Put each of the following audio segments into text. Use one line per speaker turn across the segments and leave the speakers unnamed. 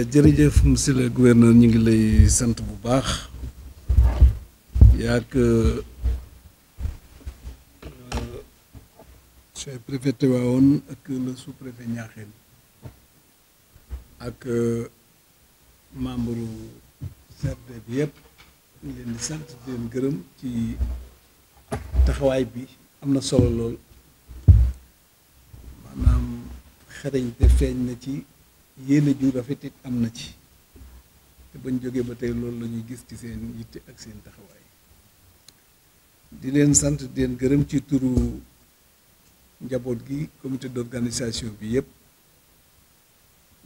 Eh, jërëjëf monsieur le gouverneur ñu ngi lay sant bu baax yaak eh, chef préfet Tivaouane ak le sous-préfet Niakhène ak eh, membre CRD bi yépp ñu leen sant di leen gërëm ci taxawaay bi am na solo lool maanaam xereñ te feeñ na ci yéene ju rafet it am na ci te bañ jógee ba tey loolu la ñuy gis ci seen yitte ak seen taxawaay di leen sant di leen gërëm ci turu njaboot gi comité d'organisation bi yépp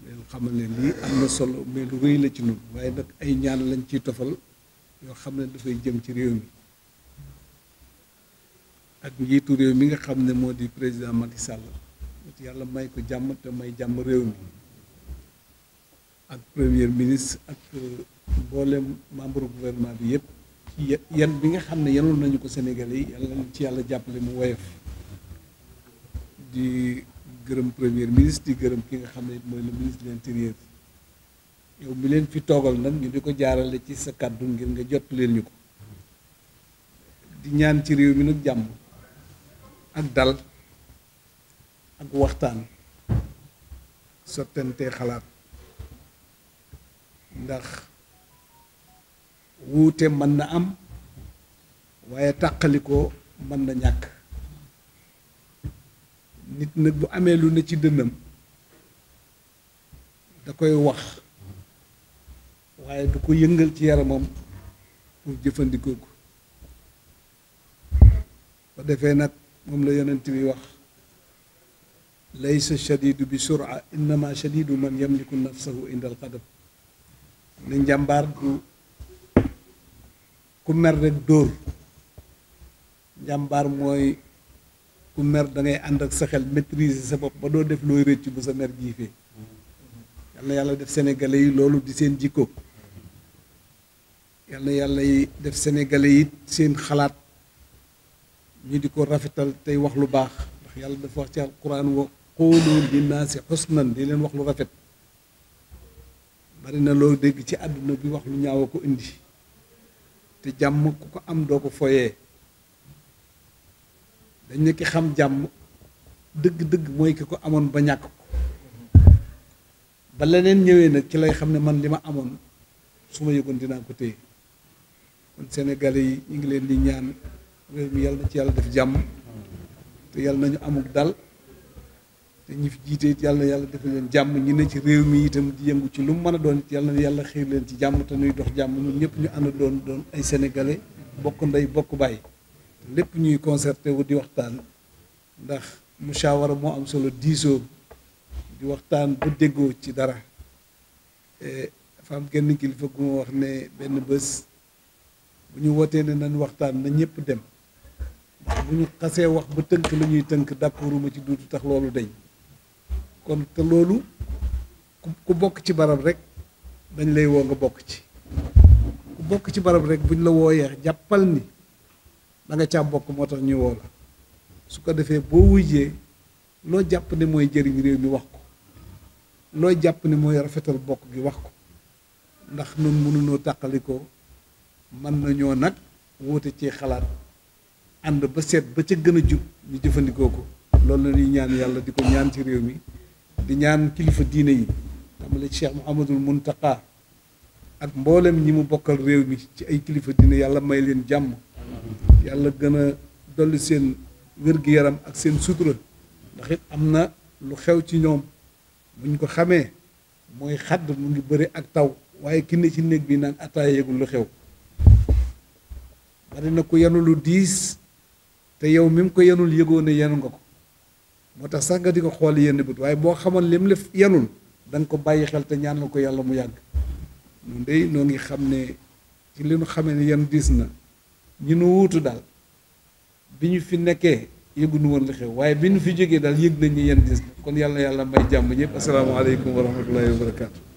leen xamal ne lii am na solo mais lu rëy la ci ñun waaye nag ay ñaan lañ ciy tofal yoo xam ne dafay jëm ci réew mi ak njiitu réew mi nga xam ne moo di président Macky Sall yàlla may ko jàmm te may jàmm réew mi ak premier ministre ak euh, mboolem membre gouvernement bi yëpp ci yan bi nga xam ne yanoon nañu ko Sénégalais yi yàlla nañu ci yàlla jàppale mu woyof di gërëm premier ministre di gërëm ki nga xam ne mooy le ministre de l'intérieur yow mi leen fi toogal nag ñu di ko jaarale ci sa kàddu ngir nga jot leen ñu ko di ñaan ci réew mi nag jàmm ak dal ak waxtaan sottante xalaat ndax wuute mën na am waaye tàqalikoo mën na ñàkk nit nag bu amee lu ne ci dënnam da koy wax waaye du ko yëngal ci yaramam pour jëfandikoo ko defee nag moom la yonent bi wax laysa shadidu bi sura innama shadidu man yamliku nafsahu inda al qadab ne njàmbaar du ku mer rek dóor njàmbaar mooy ku mer da ngay ànd ak sa xel maîtriser sa bopp ba doo def looy rëcc bu sa mer jiifee yal na yàlla def sénégalais yi loolu di seen jikko yal yàlla yi def sénégalais yi seen xalaat ñu di ko rafetal tey wax lu baax ndax yàlla dafa wax ci alquran wa naa linnaasi xusnan di leen wax lu rafet bari na loo dégg ci àdduna bi wax lu ñaaw ko indi te jàmm ku ko am doo ko foyee dañ ne ki xam jàmm dëgg-dëgg mooy ki ko amoon ba ñàkk ko ba leneen ñëwee nag ci lay xam ne man li ma amoon su ma yëgoon dinaa ko téye kon Sénégalais yi ñu ngi leen di ñaan réew mi yàlla na ci yàlla def jàmm te yàlla nañu amul dal te ñi fi jiite yàlla na yàlla defal leen jàmm ñi ne ci réew mi itam di yëngu ci lu mu mën a doon yàlla yàlla xiir leen ci jàmm te nuy dox jàmm ñun ñëpp ñu ànd doon doon ay sénégalais bokk ndey bokk bàyyi lépp ñuy concerté wu di waxtaan ndax mushawara moo am solo diisoo di waxtaan ba déggoo ci dara e, dafa am genn kilifa gu ma wax ne benn bés bu ñu wootee ne nañ waxtaan na ñëpp dem bu ñu xasee wax ba tënk la ñuy tënk d'accorduma ci duutu tax loolu dañ kon te loolu ku bokk ci barab rek dañ lay woo nga bokk ci ku bokk ci barab rek buñ la wooyee jàppal ni da nga caa bokk moo tax ñu woo la su ko defee boo wujjee loo jàpp ne mooy jëriñ réew mi wax ko loo jàpp ne mooy rafetal bokk gi wax ko ndax nun mënunoo tàqalikoo mën nañoo nag wóote ci xalaat ànd ba seet ba ca gën a jub ñu jëfandikoo ko loolu la ñuy ñaan yàlla di ko ñaan ci réew mi di ñaan kilifa diine yi amale Cheikh mun Muntaqa ak mboolem ñi mu bokkal réew mi ci ay kilifa diine yàlla may leen jàmm yàlla gën a dolli seen wér-gu-yaram ak seen sutura ndaxit am na lu xew ci ñoom buñ ko xamee mooy xadd mu ngi bëri ak taw waaye ki ci néeg bi naan attaaya lu xew bari na ko yenu lu diis te yow mi mu ko yenul yëgoo ne yenu nga ko moo tax sax nga di ko xool yenn bët waaye boo xamoon lim la yenul da ko bàyyi xel te ñaan la ko yàlla mu yàgg ñun de noo ngi xam ne ci li nu xamee ni yenn diis na ñu nu wutu daal bi ñu fi nekkee yëguñu woon li xew waaye bi ñu fi jógee daal yëg nañ ñu yan diis na kon yàlla yàlla may jàmm ñëpp asalaamaaleykum wa rahmatullahi wa